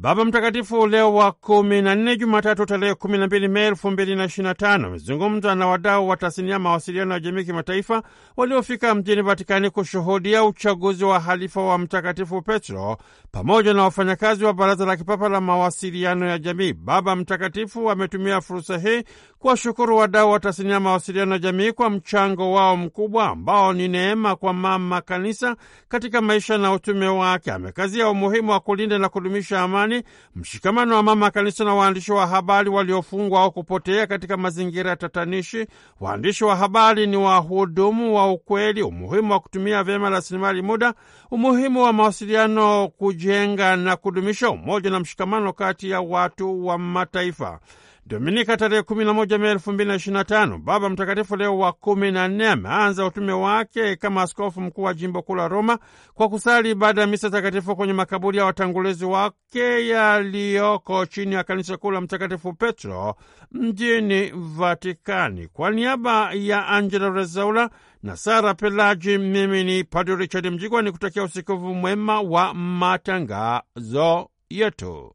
Baba Mtakatifu Leo wa kumi na nne, Jumatatu tarehe kumi na mbili Mei elfu mbili na ishirini na tano amezungumza na wadau wa tasnia ya mawasiliano ya jamii kimataifa waliofika mjini Vatikani kushuhudia uchaguzi wa halifa wa Mtakatifu Petro pamoja na wafanyakazi wa Baraza la Kipapa la Mawasiliano ya Jamii. Baba Mtakatifu ametumia fursa hii kuwashukuru wadau wa tasnia ya mawasiliano ya jamii kwa mchango wao mkubwa ambao ni neema kwa Mama Kanisa katika maisha na utume wake. Amekazia umuhimu wa kulinda na kudumisha amani amani, mshikamano wa mama kanisa na waandishi wa habari waliofungwa au kupotea katika mazingira ya tatanishi. Waandishi wa habari ni wahudumu wa ukweli, umuhimu wa kutumia vyema rasilimali muda, umuhimu wa mawasiliano kujenga na kudumisha umoja na mshikamano kati ya watu wa mataifa. Dominika tarehe 11 Mei 2025, Baba Mtakatifu Leo wa 14 ameanza utume wake kama askofu mkuu wa jimbo kuu la Roma kwa kusali baada ya misa takatifu kwenye makaburi ya watangulizi wake yaliyoko chini ya kanisa kuu la Mtakatifu Petro mjini Vatikani. Kwa niaba ya Angela Rezaula na Sara Pelaji, mimi ni Padre Richard Mjigwa ni kutakia usikivu mwema wa matangazo yetu.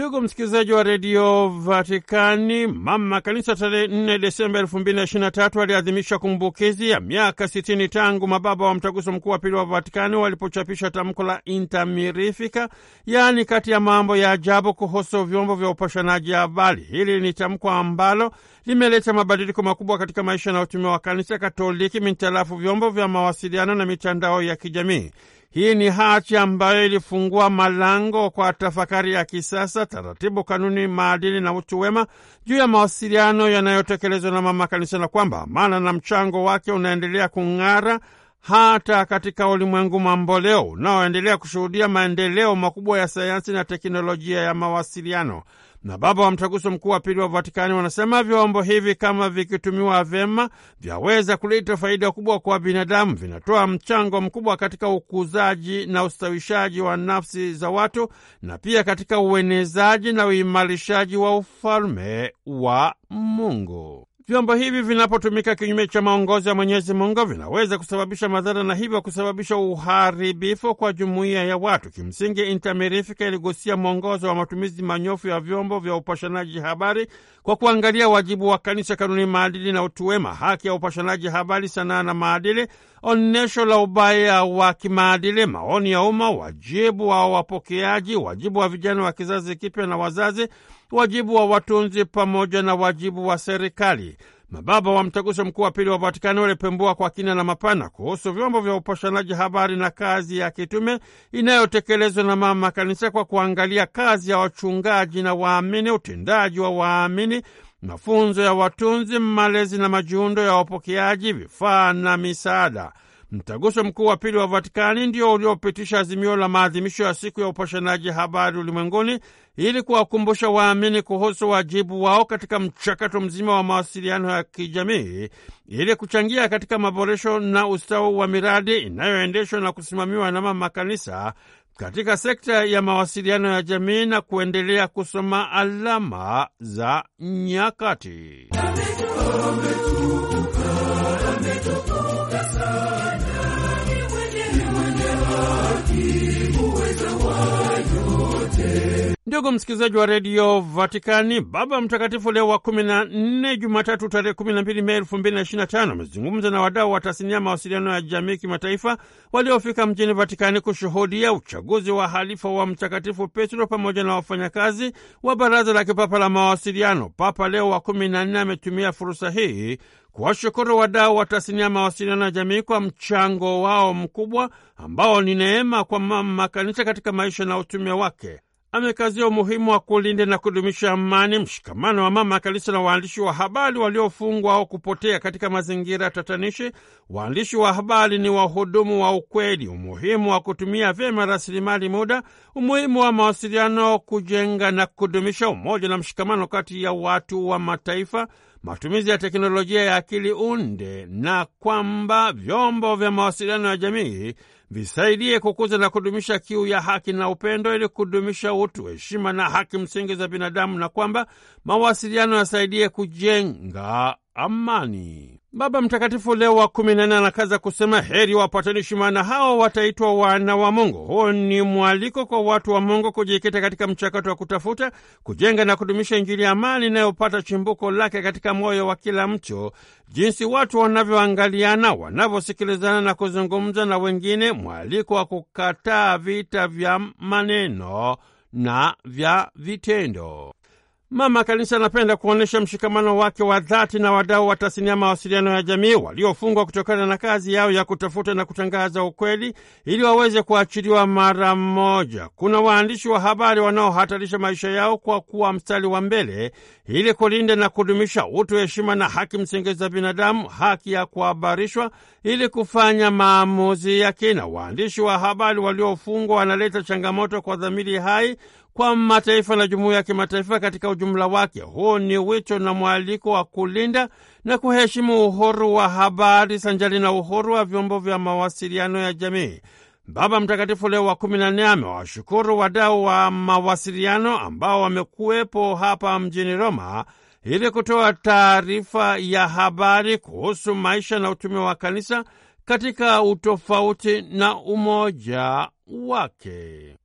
Ndugu msikilizaji wa redio Vatikani, mama kanisa tarehe 4 Desemba 2023 aliadhimisha kumbukizi ya miaka 60 tangu mababa wa mtaguso mkuu wa pili wa Vatikani walipochapisha tamko la Intermirifica, yaani kati ya mambo ya ajabu kuhusu vyombo vya upashanaji habari. Hili ni tamko ambalo limeleta mabadiliko makubwa katika maisha na utume wa kanisa Katoliki mintarafu vyombo vya mawasiliano na mitandao ya kijamii. Hii ni hati ambayo ilifungua malango kwa tafakari ya kisasa, taratibu, kanuni, maadili na utu wema juu ya mawasiliano yanayotekelezwa na mama kanisa, na kwamba maana na mchango wake unaendelea kung'ara hata katika ulimwengu mamboleo unaoendelea kushuhudia maendeleo makubwa ya sayansi na teknolojia ya mawasiliano na baba wa Mtaguso Mkuu wa Pili wa Vatikani wanasema vyombo hivi kama vikitumiwa vyema vyaweza kuleta faida kubwa kwa binadamu. Vinatoa mchango mkubwa katika ukuzaji na ustawishaji wa nafsi za watu na pia katika uenezaji na uimarishaji wa ufalme wa Mungu. Vyombo hivi vinapotumika kinyume cha maongozo ya Mwenyezi Mungu vinaweza kusababisha madhara na hivyo kusababisha uharibifu kwa jumuiya ya watu. Kimsingi, Intamerifika iligusia mwongozo wa matumizi manyofu ya vyombo vya upashanaji habari kwa kuangalia wajibu wa kanisa, kanuni, maadili na utu wema, haki ya upashanaji habari, sanaa na maadili, onyesho la ubaya wa kimaadili, maoni ya umma, wajibu wa wapokeaji, wajibu wa vijana wa kizazi kipya na wazazi wajibu wa watunzi pamoja na wajibu wa serikali. Mababa wa Mtaguso Mkuu wa Pili wa Vatikani walipembua kwa kina na mapana kuhusu vyombo vya upashanaji habari na kazi ya kitume inayotekelezwa na Mama Kanisa kwa kuangalia kazi ya wachungaji na waamini, utendaji wa waamini, mafunzo ya watunzi, malezi na majiundo ya wapokeaji, vifaa na misaada. Mtaguso Mkuu wa Pili wa Vatikani ndio uliopitisha azimio la maadhimisho ya siku ya upashanaji habari ulimwenguni ili kuwakumbusha waamini kuhusu wajibu wao katika mchakato mzima wa mawasiliano ya kijamii ili kuchangia katika maboresho na ustawi wa miradi inayoendeshwa na kusimamiwa na makanisa katika sekta ya mawasiliano ya jamii na kuendelea kusoma alama za nyakati. Ametukuka, ametukuka. Ni mwenye haki muweza wa yote Ndugu msikilizaji wa redio Vatikani, Baba Mtakatifu Leo wa kumi na nne, Jumatatu tarehe kumi na mbili Mei elfu mbili na tano amezungumza na wadau wa tasnia ya mawasiliano ya jamii kimataifa waliofika mjini Vatikani kushuhudia uchaguzi wa halifa wa Mtakatifu Petro pamoja na wafanyakazi wa Baraza la Kipapa la Mawasiliano. Papa Leo wa kumi na nne ametumia fursa hii kuwashukuru wadau wa tasnia ya mawasiliano ya jamii kwa mchango wao mkubwa ambao ni neema kwa mama kanisa katika maisha na utume wake amekazia umuhimu wa kulinda na kudumisha amani, mshikamano wa mama kanisa na waandishi wa habari waliofungwa au kupotea katika mazingira tatanishi. Waandishi wa habari ni wahudumu wa ukweli, umuhimu wa kutumia vyema rasilimali muda, umuhimu wa mawasiliano, kujenga na kudumisha umoja na mshikamano kati ya watu wa mataifa, matumizi ya teknolojia ya akili unde, na kwamba vyombo vya mawasiliano ya jamii visaidie kukuza na kudumisha kiu ya haki na upendo ili kudumisha utu, heshima na haki msingi za binadamu, na kwamba mawasiliano yasaidie kujenga amani. Baba Mtakatifu Leo wa kumi na nne anakaza kusema, heri wapatanishi, maana hao wataitwa wana wa Mungu. Huo ni mwaliko kwa watu wa Mungu kujikita katika mchakato wa kutafuta, kujenga na kudumisha Injili ya amani inayopata chimbuko lake katika moyo wa kila mtu, jinsi watu wanavyoangaliana, wanavyosikilizana na kuzungumza na wengine, mwaliko wa kukataa vita vya maneno na vya vitendo. Mama Kanisa anapenda kuonyesha mshikamano wake wa dhati na wadau wa tasnia ya mawasiliano ya jamii waliofungwa kutokana na kazi yao ya kutafuta na kutangaza ukweli ili waweze kuachiliwa mara moja. Kuna waandishi wa habari wanaohatarisha maisha yao kwa kuwa mstari wa mbele ili kulinda na kudumisha utu, heshima na haki msingi za binadamu, haki ya kuhabarishwa ili kufanya maamuzi ya kina. Waandishi wa habari waliofungwa wanaleta changamoto kwa dhamiri hai kwa mataifa na jumuiya ya kimataifa katika ujumla wake. Huu ni wito na mwaliko wa kulinda na kuheshimu uhuru wa habari sanjali na uhuru wa vyombo vya mawasiliano ya jamii. Baba Mtakatifu Leo wa kumi na nne amewashukuru wadau wa mawasiliano ambao wamekuwepo hapa mjini Roma ili kutoa taarifa ya habari kuhusu maisha na utume wa kanisa katika utofauti na umoja wake.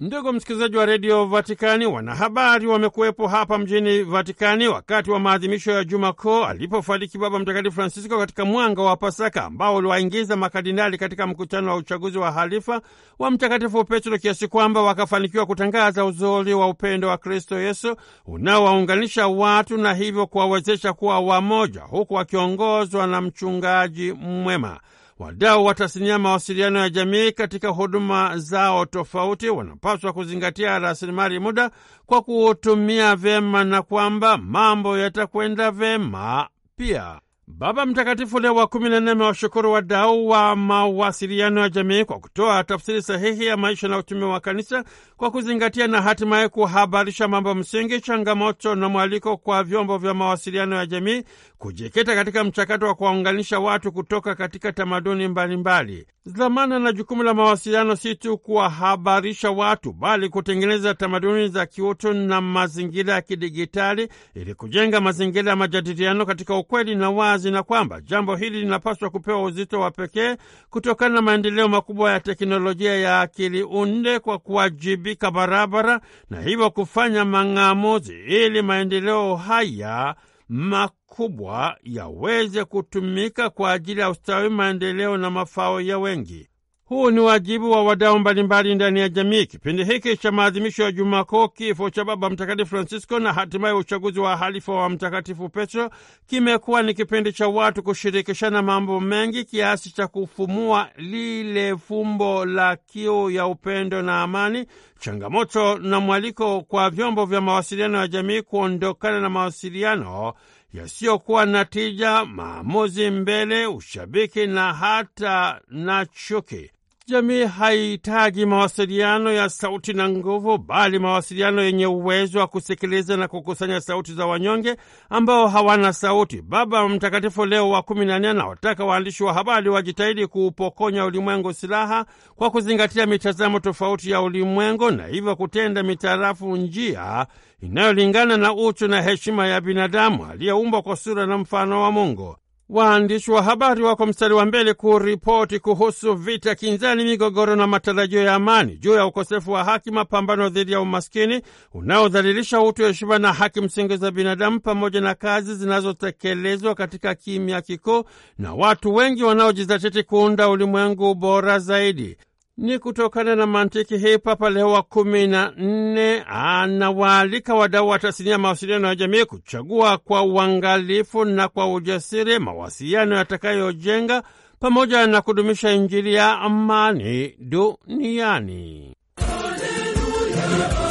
Ndugu msikilizaji wa redio Vatikani, wanahabari wamekuwepo hapa mjini Vatikani wakati wa maadhimisho ya Juma Kuu alipofariki Baba Mtakatifu Francisco katika mwanga wa Pasaka ambao uliwaingiza makardinali katika mkutano wa uchaguzi wa halifa wa Mtakatifu Petro kiasi kwamba wakafanikiwa kutangaza uzuri wa upendo wa Kristo Yesu unaowaunganisha watu na hivyo kuwawezesha kuwa wamoja, huku wakiongozwa na mchungaji mwema. Wadau wa tasnia mawasiliano ya jamii katika huduma zao tofauti wanapaswa kuzingatia rasilimali muda kwa kuutumia vyema na kwamba mambo yatakwenda vyema pia. Baba Mtakatifu Leo wa kumi na nne amewashukuru wadau wa mawasiliano ya jamii kwa kutoa tafsiri sahihi ya maisha na utume wa Kanisa kwa kuzingatia na hatimaye kuhabarisha mambo msingi, changamoto na mwaliko kwa vyombo vya mawasiliano ya jamii kujikita katika mchakato wa kuwaunganisha watu kutoka katika tamaduni mbalimbali. Dhamana na jukumu la mawasiliano si tu kuwahabarisha watu, bali kutengeneza tamaduni za kiutu na mazingira ya kidigitali ili kujenga mazingira ya majadiliano katika ukweli na wazi wazi na kwamba jambo hili linapaswa kupewa uzito wa pekee kutokana na maendeleo makubwa ya teknolojia ya akili unde kwa kuwajibika barabara na hivyo kufanya mang'amuzi ili maendeleo haya makubwa yaweze kutumika kwa ajili ya ustawi, maendeleo na mafao ya wengi. Huu ni wajibu wa wadau mbalimbali ndani ya jamii. Kipindi hiki cha maadhimisho ya Juma Kuu, kifo cha Baba Mtakatifu Francisco na hatimaye uchaguzi wa halifa wa Mtakatifu Petro kimekuwa ni kipindi cha watu kushirikishana mambo mengi kiasi cha kufumua lile fumbo la kiu ya upendo na amani, changamoto na mwaliko kwa vyombo vya mawasiliano ya jamii kuondokana na mawasiliano yasiyokuwa na tija, maamuzi mbele, ushabiki na hata na chuki. Jamii haihitaji mawasiliano ya sauti na nguvu, bali mawasiliano yenye uwezo wa kusikiliza na kukusanya sauti za wanyonge ambao hawana sauti. Baba Mtakatifu Leo wa kumi na nne anawataka waandishi wa habari wajitahidi kuupokonya ulimwengu silaha kwa kuzingatia mitazamo tofauti ya ulimwengu na hivyo kutenda mitarafu njia inayolingana na utu na heshima ya binadamu aliyeumbwa kwa sura na mfano wa Mungu. Waandishi wa habari wako mstari wa mbele kuripoti kuhusu vita, kinzani, migogoro na matarajio ya amani, juu ya ukosefu wa haki, mapambano dhidi ya umaskini unaodhalilisha utu, heshima na haki msingi za binadamu, pamoja na kazi zinazotekelezwa katika kimya kikuu na watu wengi wanaojizatiti kuunda ulimwengu bora zaidi. Ni kutokana na mantiki hii, Papa Leo wa kumi na nne anawaalika wadau wa tasnia ya mawasiliano ya jamii kuchagua kwa uangalifu na kwa ujasiri mawasiliano yatakayojenga pamoja na kudumisha Injili ya amani duniani. Haleluya!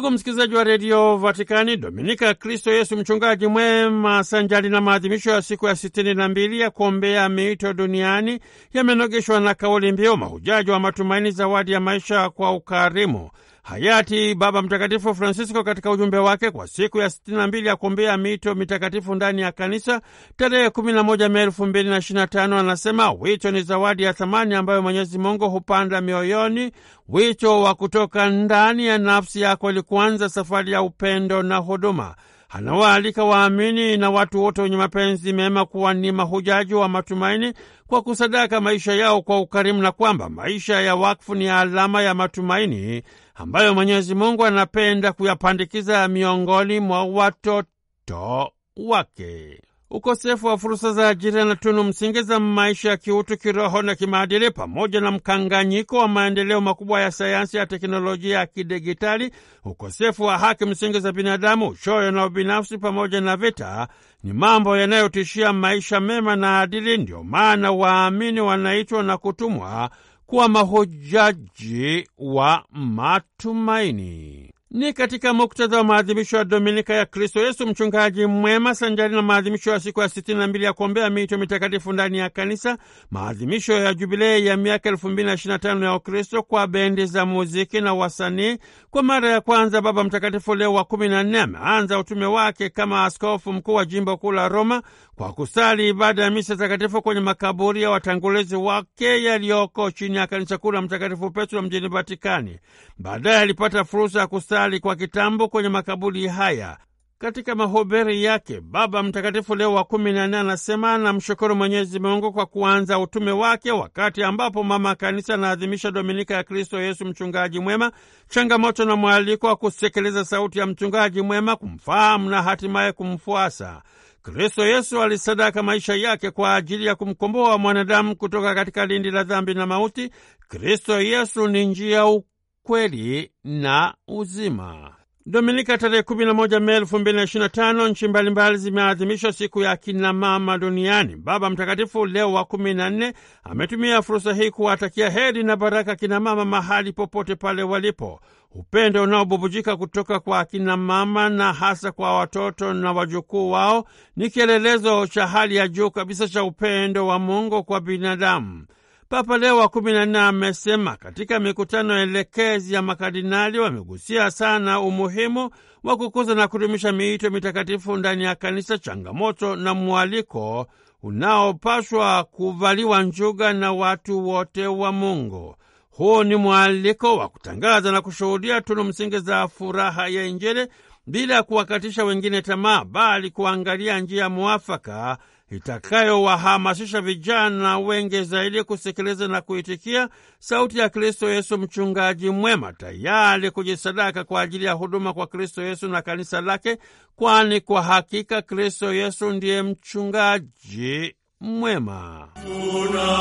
Ndugu msikilizaji wa redio Vatikani, Dominika ya Kristo Yesu mchungaji mwema, sanjali na maadhimisho ya siku ya sitini na mbili ya kuombea miito duniani, yamenogeshwa na kauli mbiu mahujaji wa matumaini, zawadi ya maisha kwa ukarimu. Hayati Baba Mtakatifu Francisco katika ujumbe wake kwa siku ya 62 ya kuombea mito mitakatifu ndani ya kanisa tarehe 11 Mei 2025 anasema wito ni zawadi ya thamani ambayo Mwenyezi Mungu hupanda mioyoni, wito wa kutoka ndani ya nafsi yako ili kuanza safari ya upendo na huduma. Anawaalika waamini na watu wote wenye mapenzi mema kuwa ni mahujaji wa matumaini kwa kusadaka maisha yao kwa ukarimu, na kwamba maisha ya wakfu ni alama ya matumaini ambayo Mwenyezi Mungu anapenda kuyapandikiza miongoni mwa watoto wake. Ukosefu wa fursa za ajira na tunu msingi za maisha ya kiutu, kiroho na kimaadili, pamoja na mkanganyiko wa maendeleo makubwa ya sayansi ya teknolojia ya kidigitali, ukosefu wa haki msingi za binadamu, uchoyo na ubinafsi, pamoja na vita, ni mambo yanayotishia maisha mema na adili. Ndio maana waamini wanaitwa na kutumwa kuwa mahujaji wa matumaini. Ni katika muktadha wa maadhimisho ya Dominika ya Kristo Yesu mchungaji mwema, sanjari na maadhimisho ya siku ya sitini na mbili ya kuombea miito mitakatifu ndani ya Kanisa, maadhimisho ya jubilei ya miaka elfu mbili na ishirini na tano ya Ukristo kwa bendi za muziki na wasanii. Kwa mara ya kwanza Baba Mtakatifu Leo wa kumi na nne ameanza utume wake kama askofu mkuu wa jimbo kuu la Roma kwa kusali ibada ya misa takatifu kwenye makaburi ya watangulizi wake yaliyoko chini ya kanisa kuu la Mtakatifu Petro mjini Vatikani. Baadaye alipata fursa ya kusali kwa kitambo kwenye makaburi haya. Katika mahubiri yake Baba Mtakatifu Leo wa kumi na nne anasema anamshukuru Mwenyezi Mungu kwa kuanza utume wake, wakati ambapo Mama Kanisa anaadhimisha Dominika ya Kristo Yesu mchungaji mwema, changamoto na mwaliko wa kusikiliza sauti ya mchungaji mwema, kumfahamu na hatimaye kumfuasa. Kristo Yesu alisadaka maisha yake kwa ajili ya kumkomboa mwanadamu kutoka katika lindi la dhambi na mauti. Kristo Yesu ni njia, ukweli na uzima. Dominika tarehe 11 Mei 2025 nchi mbalimbali zimeadhimisha siku ya akina mama duniani. Baba Mtakatifu Leo wa 14 ametumia fursa hii kuwatakia heri na baraka akina mama mahali popote pale walipo. Upendo unaobubujika kutoka kwa akina mama na hasa kwa watoto na wajukuu wao ni kielelezo cha hali ya juu kabisa cha upendo wa Mungu kwa binadamu. Papa Leo wa kumi na nne amesema katika mikutano elekezi ya makardinali wamegusia sana umuhimu wa kukuza na kudumisha miito mitakatifu ndani ya kanisa, changamoto na mwaliko unaopashwa kuvaliwa njuga na watu wote wa Mungu. Huu ni mwaliko wa kutangaza na kushuhudia tunu msingi za furaha ya Injili bila kuwakatisha wengine tamaa, bali kuangalia njia mwafaka itakayowahamasisha vijana wengi zaidi kusikiliza na kuitikia sauti ya Kristo Yesu mchungaji mwema, tayari kujisadaka kwa ajili ya huduma kwa Kristo Yesu na kanisa lake, kwani kwa hakika Kristo Yesu ndiye mchungaji mwema. Tunakuomba.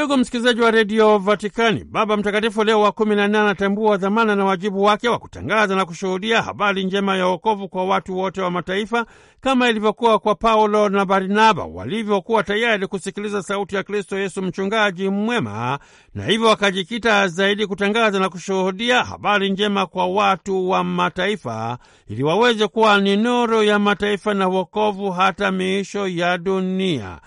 Ndugu msikilizaji wa redio Vatikani, Baba Mtakatifu Leo wa kumi na nne anatambua dhamana na wajibu wake wa kutangaza na kushuhudia habari njema ya wokovu kwa watu wote wa mataifa, kama ilivyokuwa kwa Paulo na Barnaba walivyokuwa tayari kusikiliza sauti ya Kristo Yesu mchungaji mwema, na hivyo wakajikita zaidi kutangaza na kushuhudia habari njema kwa watu wa mataifa, ili waweze kuwa ni nuru ya mataifa na wokovu hata miisho ya dunia.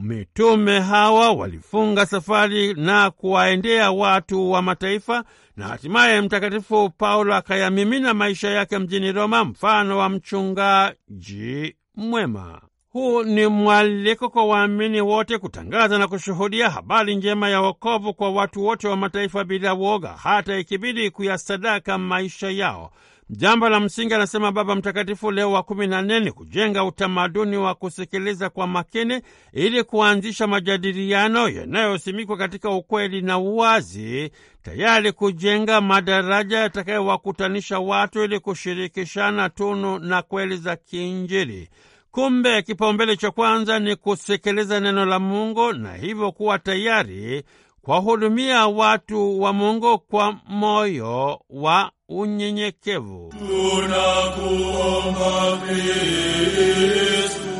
Mitume hawa walifunga safari na kuwaendea watu wa mataifa, na hatimaye Mtakatifu Paulo akayamimina maisha yake mjini Roma, mfano wa mchungaji mwema. Huu ni mwaliko kwa waamini wote kutangaza na kushuhudia habari njema ya wokovu kwa watu wote wa mataifa bila woga, hata ikibidi kuyasadaka maisha yao. Jambo la msingi, anasema Baba Mtakatifu Leo wa kumi na nne, ni kujenga utamaduni wa kusikiliza kwa makini ili kuanzisha majadiliano yanayosimikwa katika ukweli na uwazi, tayari kujenga madaraja yatakayowakutanisha watu ili kushirikishana tunu na kweli za kiinjili. Kumbe kipaumbele cha kwanza ni kusikiliza neno la Mungu na hivyo kuwa tayari kuwahudumia watu wa Mungu kwa moyo wa unyenyekevu. Tunakuomba Kristu,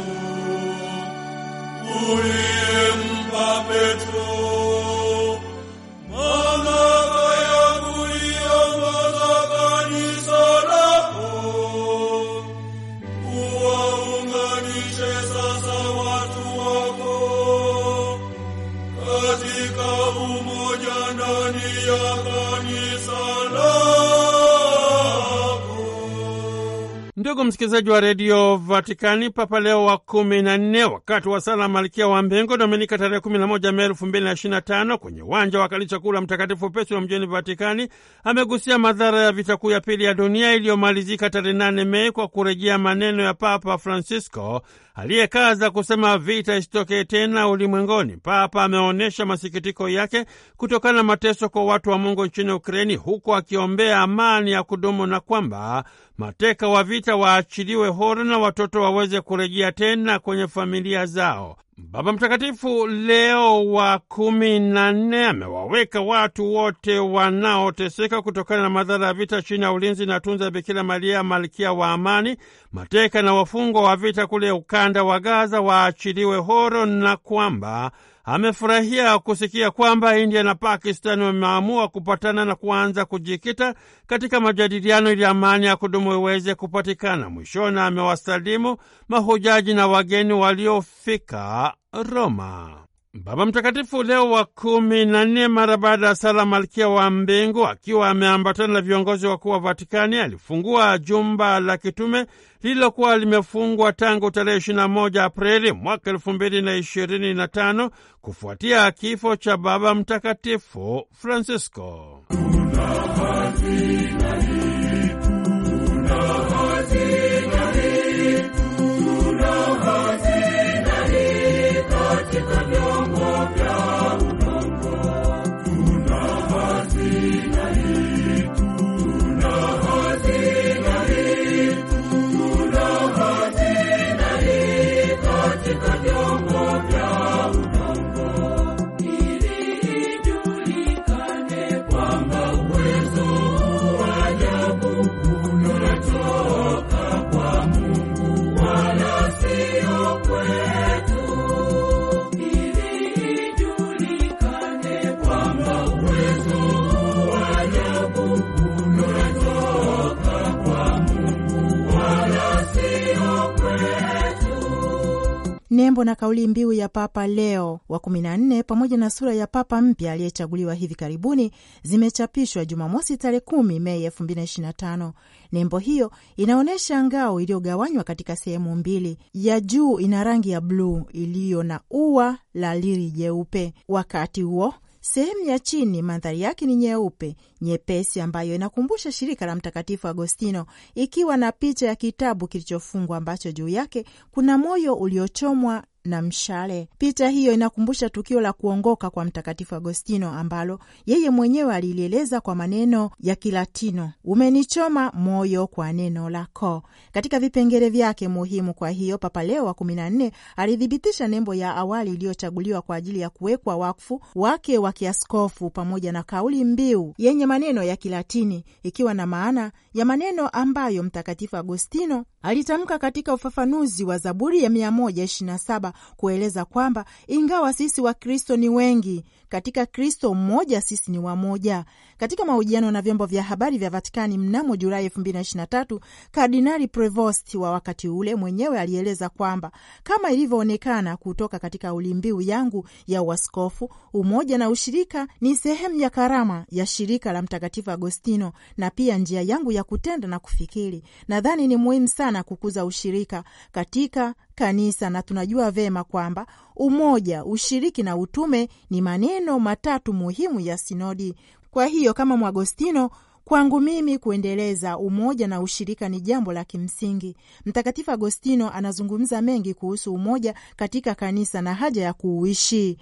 msikilizaji wa redio Vatikani, Papa Leo wa kumi na nne wakati wa sala Malkia wa Mbingu, Dominika tarehe kumi na moja Mei elfu mbili na ishirini na tano kwenye uwanja wa kanisa kuu la Mtakatifu Petro mjini Vatikani, amegusia madhara ya vita kuu ya pili ya dunia iliyomalizika tarehe nane Mei kwa kurejea maneno ya Papa Francisco aliyekaza kusema vita isitokee tena ulimwenguni. Papa ameonyesha masikitiko yake kutokana na mateso kwa watu wa Mungu nchini Ukraini, huku akiombea amani ya kudumu na kwamba mateka wa vita waachiliwe huru na watoto waweze kurejea tena kwenye familia zao. Baba Mtakatifu Leo wa kumi na nne amewaweka watu wote wanaoteseka kutokana na madhara ya vita chini ya ulinzi na tunza Bikira Maria malkia wa amani. Mateka na wafungwa wa vita kule ukanda wa Gaza waachiliwe horo na kwamba amefurahia kusikia kwamba India na Pakistani wameamua kupatana na kuanza kujikita katika majadiliano ili amani ya kudumu iweze kupatikana. Mwishoni amewasalimu mahujaji na wageni waliofika Roma. Baba Mtakatifu Leo wa kumi na nne, mara baada ya sala Malkia wa Mbingu, akiwa ameambatana na viongozi wakuu wa Vatikani, alifungua jumba la kitume lililokuwa limefungwa tangu tarehe 21 Aprili mwaka tano kufuatia kifo cha Baba Mtakatifu Francisco. nembo na kauli mbiu ya Papa Leo wa 14 pamoja na sura ya papa mpya aliyechaguliwa hivi karibuni zimechapishwa Jumamosi tarehe 10 Mei 2025. Nembo hiyo inaonyesha ngao iliyogawanywa katika sehemu mbili. Ya juu ina rangi ya bluu iliyo na ua la liri jeupe, wakati huo Sehemu ya chini mandhari yake ni nyeupe nyepesi, ambayo inakumbusha shirika la Mtakatifu Agostino, ikiwa na picha ya kitabu kilichofungwa ambacho juu yake kuna moyo uliochomwa na mshale. Picha hiyo inakumbusha tukio la kuongoka kwa Mtakatifu Agostino ambalo yeye mwenyewe alilieleza kwa maneno ya Kilatino, umenichoma moyo kwa neno lako, katika vipengele vyake muhimu. Kwa hiyo Papa Leo wa kumi na nne alithibitisha nembo ya awali iliyochaguliwa kwa ajili ya kuwekwa wakfu wake wa kiaskofu pamoja na kauli mbiu yenye maneno ya Kilatini ikiwa na maana ya maneno ambayo Mtakatifu Agostino alitamka katika ufafanuzi wa Zaburi ya 127 kueleza kwamba ingawa sisi Wakristo ni wengi, katika Kristo mmoja sisi ni wamoja. Katika mahojiano na vyombo vya habari vya Vatikani mnamo Julai 2023, Kardinali Prevost wa wakati ule mwenyewe alieleza kwamba kama ilivyoonekana kutoka katika ulimbiu yangu ya uaskofu, umoja na ushirika ni sehemu ya karama ya shirika la Mtakatifu Agostino na pia njia yangu ya kutenda na kufikiri. Nadhani ni muhimu sana kukuza ushirika katika kanisa, na tunajua vema kwamba umoja, ushiriki na utume ni maneno matatu muhimu ya sinodi. Kwa hiyo kama Mwagostino Kwangu mimi kuendeleza umoja na ushirika ni jambo la kimsingi. Mtakatifu Agostino anazungumza mengi kuhusu umoja katika kanisa na haja ya kuuishi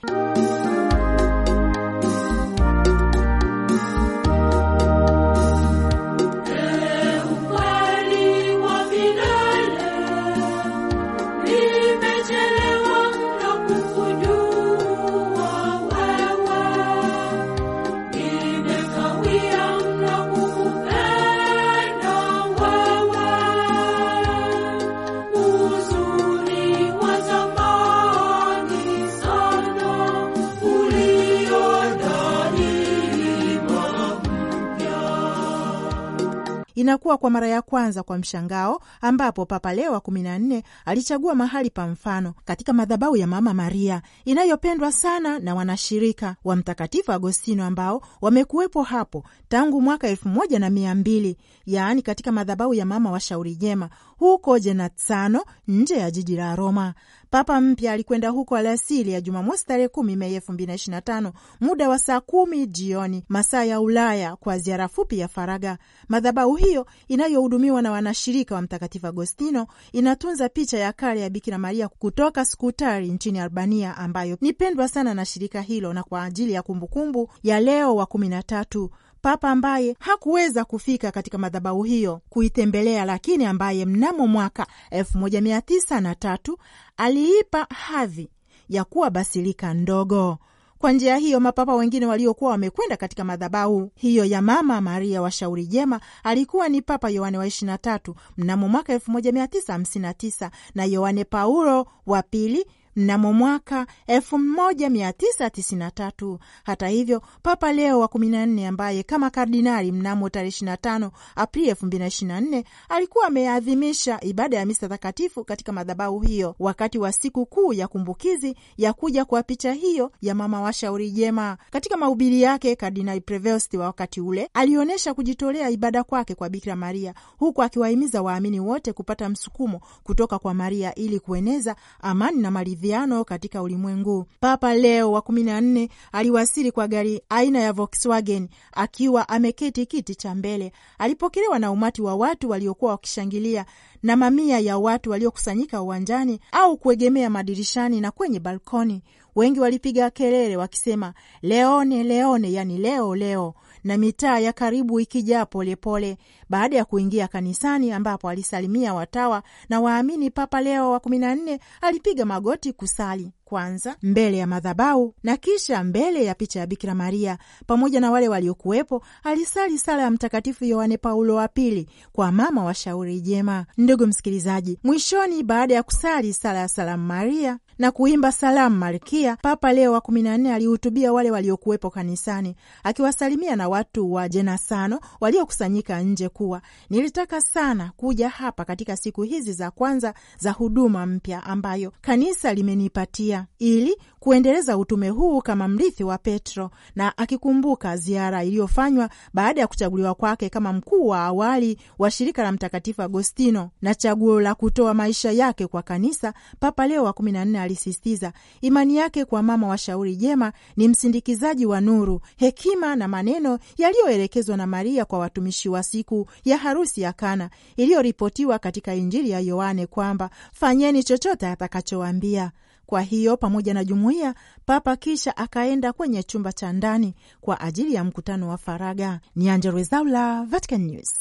inakuwa kwa mara ya kwanza kwa mshangao, ambapo Papa Leo wa kumi alichagua mahali pa mfano katika madhabahu ya Mama Maria inayopendwa sana na wanashirika wa Mtakatifu Agostino ambao wamekuwepo hapo tangu mwaka elfu moja na mia mbili yaani katika madhabahu ya Mama wa Shauri Jema huko Jenazzano nje ya jiji la Roma. Papa mpya alikwenda huko alasiri ya Jumamosi tarehe kumi Mei elfu mbili na ishirini na tano muda wa saa kumi jioni masaa ya Ulaya kwa ziara fupi ya faraga. Madhabahu hiyo inayohudumiwa na wanashirika wa Mtakatifu Agostino inatunza picha ya kale ya Bikira Maria kutoka Skutari nchini Albania, ambayo ni pendwa sana na shirika hilo na kwa ajili ya kumbukumbu ya Leo wa kumi na tatu papa ambaye hakuweza kufika katika madhabahu hiyo kuitembelea, lakini ambaye mnamo mwaka 1903 aliipa hadhi ya kuwa basilika ndogo. Kwa njia hiyo mapapa wengine waliokuwa wamekwenda katika madhabahu hiyo ya Mama Maria wa Shauri Jema alikuwa ni Papa Yohane wa 23 mnamo mwaka 1959 na Yohane Paulo wa pili mnamo mwaka 1993. Hata hivyo, Papa Leo wa 14 ambaye kama kardinali mnamo tarehe 25 Aprili 2024 alikuwa ameadhimisha ibada ya misa takatifu katika madhabahu hiyo wakati wa siku kuu ya kumbukizi ya kuja kwa picha hiyo ya mama wa shauri jema. Katika mahubiri yake, Kardinali Prevost wa wakati ule alionyesha kujitolea ibada kwake kwa Bikira Maria, huku akiwahimiza waamini wote kupata msukumo kutoka kwa Maria ili kueneza amani na maridhi maridhiano katika ulimwengu. Papa Leo wa kumi na nne aliwasili kwa gari aina ya Volkswagen akiwa ameketi kiti cha mbele. Alipokelewa na umati wa watu waliokuwa wakishangilia na mamia ya watu waliokusanyika uwanjani au kuegemea madirishani na kwenye balkoni. Wengi walipiga kelele wakisema leone leone, yani leo leo na mitaa ya karibu ikijaa polepole baada ya kuingia kanisani ambapo alisalimia watawa na waamini. Papa Leo wa kumi na nne alipiga magoti kusali kwanza mbele ya madhabahu na kisha mbele ya picha ya Bikira Maria pamoja na wale waliokuwepo. Alisali sala ya Mtakatifu Yohane Paulo wa Pili kwa mama wa shauri jema. Ndugu msikilizaji, mwishoni, baada ya kusali sala ya Salamu Maria na kuimba salamu Malkia. Papa Leo wa kumi na nne alihutubia wale waliokuwepo kanisani akiwasalimia na watu wa Jenasano waliokusanyika nje kuwa nilitaka sana kuja hapa katika siku hizi za kwanza za huduma mpya ambayo kanisa limenipatia ili kuendeleza utume huu kama mrithi wa Petro, na akikumbuka ziara iliyofanywa baada ya kuchaguliwa kwake kama mkuu wa awali wa shirika la Mtakatifu Agostino na chaguo la kutoa maisha yake kwa kanisa, Papa Leo wa 14 alisistiza alisisitiza imani yake kwa mama wa shauri jema ni msindikizaji wa nuru, hekima na maneno yaliyoelekezwa na Maria kwa watumishi wa siku ya harusi ya Kana iliyoripotiwa katika Injili ya Yohane kwamba fanyeni chochote atakachowaambia. Kwa hiyo pamoja na jumuiya, Papa kisha akaenda kwenye chumba cha ndani kwa ajili ya mkutano wa faraga Ni Angella Rwezaula, Vatican News.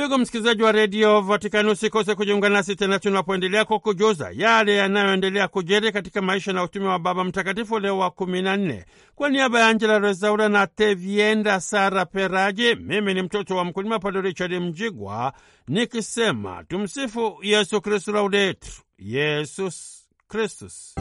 Ndugu msikilizaji wa redio Vatikani, usikose kujiunga nasi tena tunapoendelea kwa kujuza yale yanayoendelea kujeri katika maisha na utume wa Baba Mtakatifu Leo wa kumi na nne. Kwa niaba ya Angela Rezaura na Tevienda Sara Peraji, mimi ni mtoto wa mkulima Padre Richard Mjigwa nikisema tumsifu Yesu Kristu, laudetur Yesus Kristus.